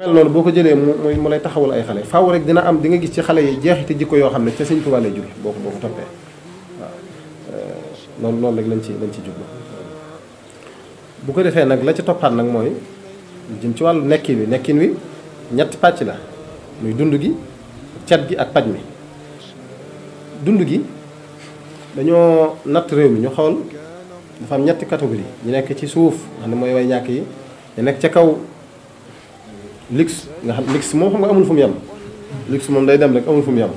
mel loolu boo ko jëlee mu mu ay xale faaw rek dina am di nga gis ci xale yi jeexite jikko yoo xam ne ca Sëñ Tuubaa lay jóge boo ko boo ko toppee waaw loolu rek lañ ci lañ ci jublu bu ko defee nag la ca toppaat nag mooy jëm ci wàllu nekkin wi nekkin wi ñetti pàcc la muy dund gi cat gi ak paj mi dund gi dañoo natt réew mi ñu xool dafa am ñetti catégorie ñu nekk ci suuf xam ne mooy way ñàkk yi ñu nekk ca kaw luxe nga xam luxe moom xam nga amul fu mu yem luxe moom day dem rek amul fu mu yem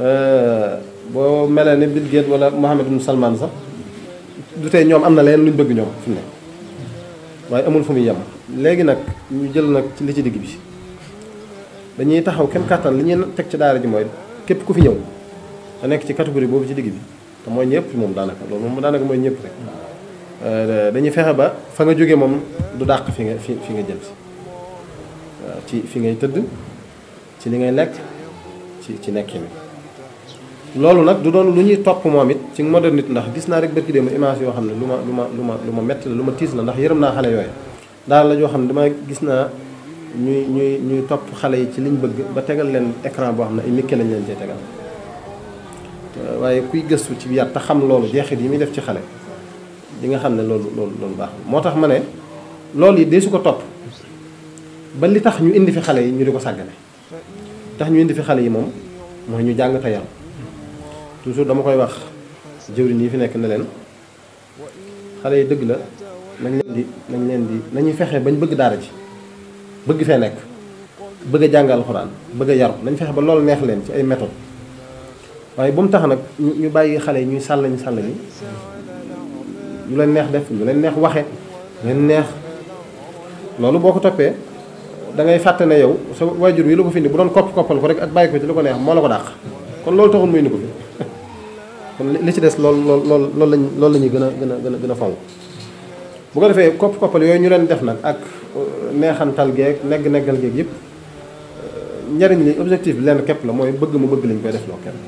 euh, boo melee ne Bill Gates wala Mohammed bin Salman sax du tey ñoom am na leen luñ bëgg ñoom fi ne waaye amul fu muy yem léegi nag ñu jël nag ci li ci digg bi dañuy taxaw kenn kàttan li ñuy teg ci daara ji mooy képp ku fi ñëw te nekk ci catégorie boobu ci digg bi te mooy ñëpp moom daanaka loolu moom daanaka mooy ñëpp rek euh, dañuy fexe ba fa nga jógee moom du dàq fi nga fi nga jëm si ci fi ngay teud ci li ngay nek ci ci nekkin loolu nak du doon lu ñuy topp moom ci modernité ndax gis na rek barki dem image yo xamne luma luma luma luma met luma ma lu la ndax yërëm na xalé yoy daal la jo xamne dama gis na ñuy ñuy ñuy top xalé yi ci liñ bëgg ba tégal leen écran bo xamne ay mikke lañ leen cee tégal waye kuy gëssu ci yaa ta xam jeexit yi mi def ci xalé di nga xamne ne loolu loolu baax motax mané ma yi dé su ko top ba li tax ñu indi fi xale yi ñu di ko sàggane tax ñu indi fi xale yi moom mooy ñu jàng te yar toujours dama koy wax jëwriñ yi fi nekk na leen xale yi dëgg la nañ leen di nañ leen di nañuy fexe bañ bëgg daara ji bëgg fee nekk bëgg a jàng alxuraan bëgg a yaru nañ fexe ba loolu neex leen ci ay méthode waaye bu mu tax nag ñu bàyyi xale yi ñuy sàllañu sàllañu ñu leen neex def ñu leen neex waxe leen neex loolu boo ko toppee da ngay fàtte yow sa waajur wi la ko fi bu doon kopp koppal ko rek ak bàyyi ko ci lu ko neex moo la ko dàq kon loolu taxul muy ni ko fi kon li ci des lool loolu lool lañ loolu la gën a gën a gën a gën a fonk bu ko defee kopp koppal yooyu ñu leen def nag ak euh, neexantal geeg negg-neggal geeg yëpp euh, njariñ li objectif bi lenn képp la mooy bëgg mu bëgg lañ koy def loo kenn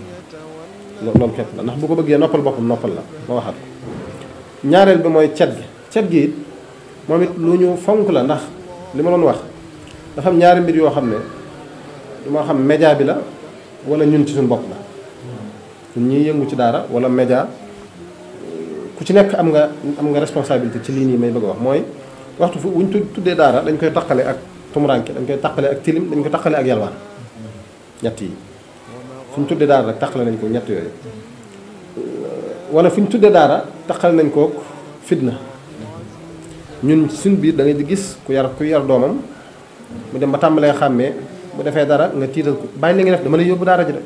loolu képp la ndax bu ko bëggee noppal boppam noppal la ma waxaat ko ñaareel bi mooy cet gi cet gi it moom it fonk la ndax li ma doon wax dafa ñaari mbir yoo xam ne du ma xam média bi la wala ñun ci suñu bokk la ñuy yëngu ci daara wala média ku ci nekk am nga am nga responsabilité ci lii nii may bëgg a mooy waxtu fu wuñ tuddee daara dañ koy taqale ak tumuranke dañ koy taqale ak tilim dañ koy taqale ak yalwaan ñett yi fu ñu tuddee daara rek nañ ko ñett yooyu wala fu ñu tuddee daara taqale nañ ko fitna ñun suñ biir dangay ngay gis ku yar ku yar doomam mu dem ba tambalé xamé bu défé dara nga tital ko bàyyi li nga def dama lay yobbu dara ji de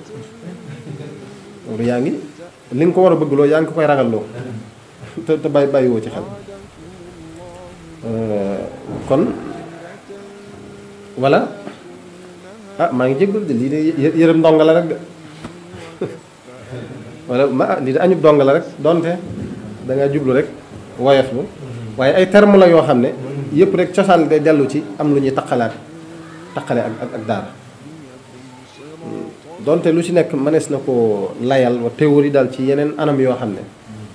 loolu yaangi li nga ko wara bëgg lo yaangi koy ragal lo te te bay bàyyiwoo ci xel euh, kon wala ah ma ngi jéggul di li de yërëm la rek wala ma ah da de añub dong la rek donte da nga jublu rek woyof lu mm-hmm. waaye ay terme la yo xam ne yépp rek cosaan day dellu ci am lu ñuy taqalaat taqale ak ak daara donte lu ci nekk mënees na ko layal wa théorie daal ci yeneen anam yoo xam ne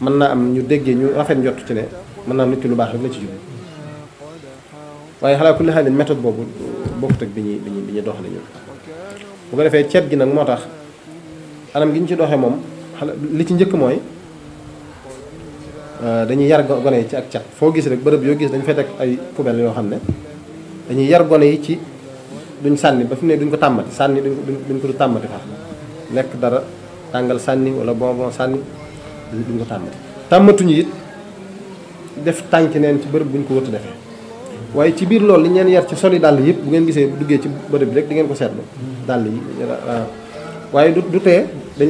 mën naa am ñu déggee ñu rafet njot ci ne mën naa nit ki lu baax rek la ci jublu waaye xalaa kulli xaalin méthode boobu bokkut ak bi ñuy bi ñuy bi ñuy doxalee ñun bu ko defee ceet gi nag moo tax anam gi ñu ci doxee moom xala li ci njëkk mooy Euh, dañuy yar gone yi ci ak cat foo gis rek bërëb yoo gis dañu fay teg ay poubelles yoo xam ne dañuy yar gone yi ci duñ sànni ba fi ne duñ ko tàmmati sànni duñ ko du tàmmati faax lekk dara tàngal sànni wala bonbon sànni duñ ko tàmmati tàmmatuñu it def tànki neen ci bërëb buñ ko wëtt defee waaye ci biir lool li ngeen yar ci soli dàll yëpp bu ngeen gisee bu duggee ci bërëb bi rek di ngeen ko seetlu dàll yi waaye du du dañ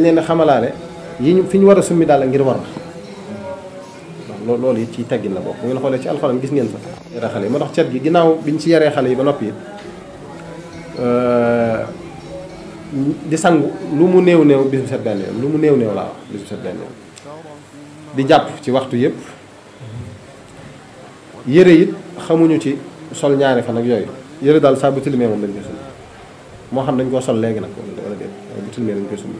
leen a xamalaale yi ñu fi ñu war a summi dàll ngir loolu it ci teggin la bokk bu ngeen xoolee ci alxuraan gis ngeen sax yare xale yi moo tax cet gi ginnaaw biñ ci yaree xale yi ba noppi it euh, di sangu lu mu néew néew bis bu set benn yoon lu mu néew néew laa wax bis set benn yoon di jàpp ci waxtu yëpp yëre it xamuñu ci sol ñaari fan ak yooyu yëre daal saa bu moom dañ koy sumb moo xam dañ koo sol léegi nag wala déet dañ koy sumb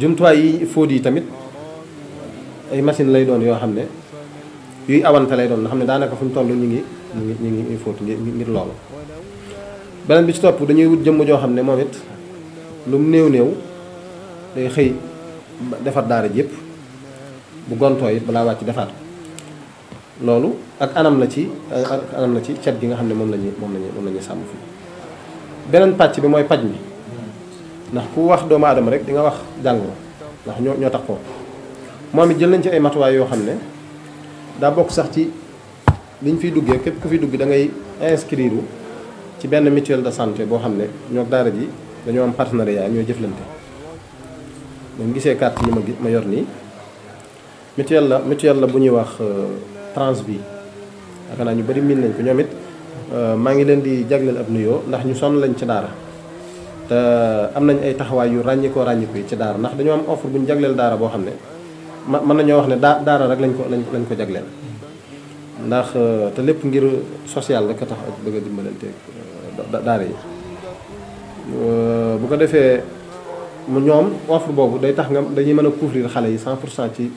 jumtuwaay yi fóot yi tamit ay machine lay doon yoo xam ne yuy awante lay doon nga xam ne daanaka fu ñu toll ñu ngi ñu ngi ñu ngi fóot ngir loolu beneen bi ci topp dañuy wut jëmm joo xam ne moom it lu mu néew néew day xëy defar daara ji yëpp bu gontoo it balaa wàcc defaat ko loolu ak anam la ci ak anam la ci cet gi nga xam ne moom lañu moom lañu moom la ñuy sàmm fii beneen pàcc bi mooy paj mi ndax ku wax doomu aadama rek di nga wax jàngoro ndax ñoo ñoo tax ko momi jël nañ ci ay matuwa yo xam da bok sax ci liñ fi duggé kep ku fi dugg da ngay inscrire ci ben mutuelle de santé bo xam ne ñoo daara ji dañu am partenariat ñoo jëflante dañ gisee carte yi ma ma yor ni mutuelle la mutuelle la bu ñuy wax euh, transbi ak na ñu bari min nañ ko ñomit euh, ma ngi leen di jagleel ab nuyo ndax ñu son lañ ci daara te am nañ ay taxaway yu ragniko ragniko ci daara ndax dañu am offre bu ñu daara bo xam man nañu wax ne daara rek lañ ko lañ ko jagleel ndax euh, te lépp ngir social rek tax bëgg a dimbalanteeg euh, daara yi euh, bu ko defee mu ñoom offre boobu day tax nga dañuy mën a couvrir xale yi 100 pour cent ci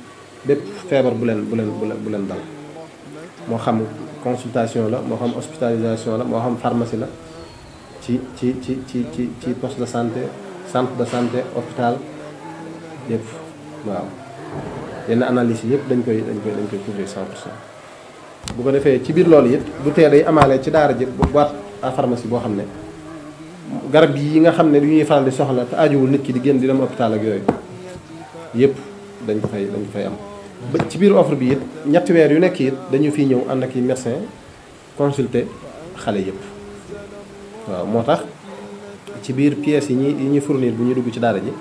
bépp feebar bu leen bu leen bu leen dal moo xam consultation la moo xam hospitalisation la moo xam pharmacie la ci ci ci ci ci ci poste de santé centre de santé hôpital yépp waaw yenn analyses yëpp dañ koy dañ koy dañ koy couvrir 100 pour cent bu ko defee ci biir loolu it du tee day amaale ci daara ji boîte à pharmacie boo xam ne garab yi nga xam ne du ñuy faral di soxla te aajowul nit ki di génn di dem hôpital ak yooyu yëpp dañ ko fay dañ ko fay am. ci biir offre bi it ñetti weer yu nekk yit dañu fiy ñëw ànd ak i médecin consulter xale yëpp waaw moo tax ci biir pièces yi ñuy yi ñuy fournir bu ñu dugg ci daara ji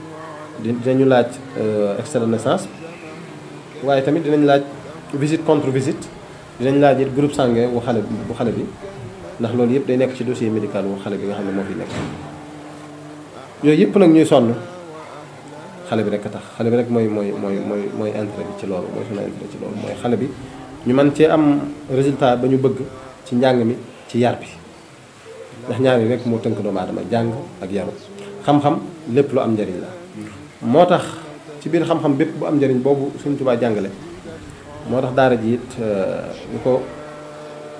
dinañu laaj euh, extrait de naissance. waaye tamit dinañ laaj visite contre visite dinañ laaj it groupe sange bu xale bi bu xale bi ndax loolu yëpp day nekk ci dossier médical bu xale bi nga xam ne moo fi nekk yooyu yëpp nag ñuy sonn xale bi rek a tax xale bi rek mooy mooy mooy mooy mooy intérêt bi ci loolu mooy sunu intérêt ci xale bi ñu man cee am résultat ba ñu bëgg ci njàng mi ci yar bi ndax ñaar yi rek moo tënk doomu aadama jàng ak yaru xam-xam lépp lu am njëriñ la moo tax ci biir xam-xam bépp bu am njëriñ boobu suñu Tuubaa jàngale moo tax daara ji it ñu euh, ko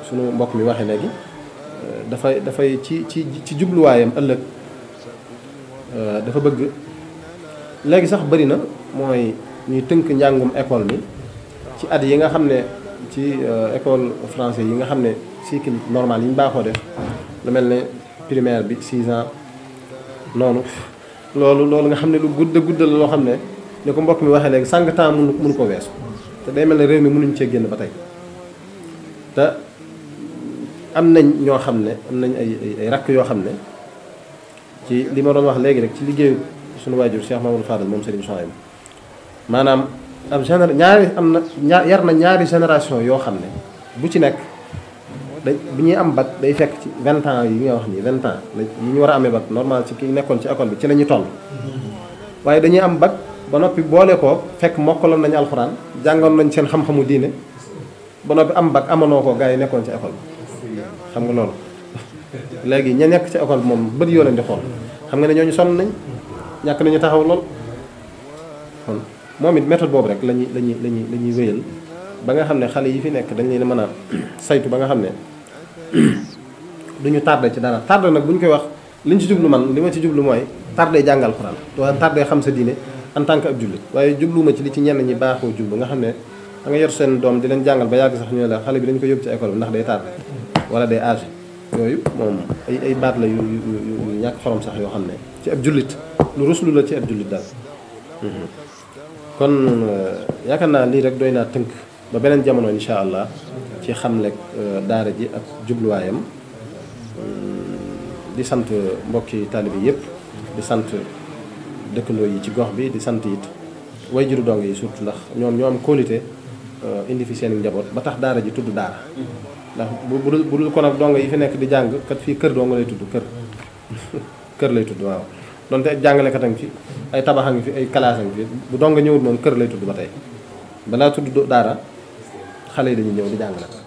suñu mbokk mi waxee léegi euh, dafay dafay ci ci ci jubluwaayam ëllëg euh, dafa bëgg léegi sax bari na mooy ñuy tënk njàngum école mi ci at yi nga xam ne ci école français yi nga xam ne cycle normal yi ñu baaxoo def lu mel ne primaire bi 6 ans noonu loolu loolu nga xam ne lu gudd gudd la loo xam ne ni ko mbokk mi waxee léegi sàng temps mënu mënu ko weesu te day mel ne réew mi mënuñ cee génn ba tey te am nañ ñoo xam ne am nañ ay ay rakk yoo xam ne ci li ma doon wax léegi rek ci liggéeyu suñu waajur Cheikh Mamadou Fadal moom Serigne Souhaïbou maanaam ab génération ñaari am na ñaar yar na ñaari génération yoo xam ne bu ci nekk dañ bu ñuy am bac day fekk ci vingt ans yi nga wax nii vingt ans yi ñu war a amee bac normal ci ki nekkoon ci école bi ci la ñuy toll mm-hmm. waaye dañuy am bac ba noppi boole ko fekk mokkaloon nañu alxuraan jàngoon nañ seen xam-xamu diine ba noppi am bac amoonoo ko gars yi nekkoon ci école xam nga loolu léegi ña nekk ci école moom bët yoo leen di xool xam nga ne ñooñu sonn nañ ñàkk nañu taxaw lool kon moom it méthode boobu rek lañuy lañuy lañuy la ñuy wéyal ba nga xam ne xale yi fi nekk dañ leen mën a saytu ba nga xam ne duñu tardé ci dara tardé nag bu ñu koy wax liñ ci jublu man li ma ci jublu mooy tardé jàngal alxuraan waa tardé xam sa diine en tant que ab jullit waaye jubluwuma ci li ci ñenn ñi baaxoo jublu nga xam ne da nga yor seen doom di leen jàngal ba yàgg sax ñu la xale bi dañ ko yóbbu ci école bi ndax day wala day âgé ay baat la yu yu xorom sax yoo xam ne ci ab jullit lu ruslu la ci ab jullit daal mhm. kon euh, yaakaar naa lii rek doy naa tënk ba beneen jamono insha allah ci xam xamlek euh, daara ji ak jubluwaayam mm, di sant mbokki taalibe yépp di sant dëkkandoo yi ci gox bi di sant it way juru dong yi surtout ndax ñoom ñoo am kóolite euh, indi fi seen njaboot ba tax daara ji tudd daara ndax bu bu dul ko nag dong yi fi nekk di jàng kat fii kër dong lay tudd kër kër lay tudd waaw donte jàngalekat a ngi fi ay tabax ngi fi ay kalaas fi bu dong ñëwul moom kër lay tudd ba tey balaa tudd daara xale yi dañuy ñëw di jàngale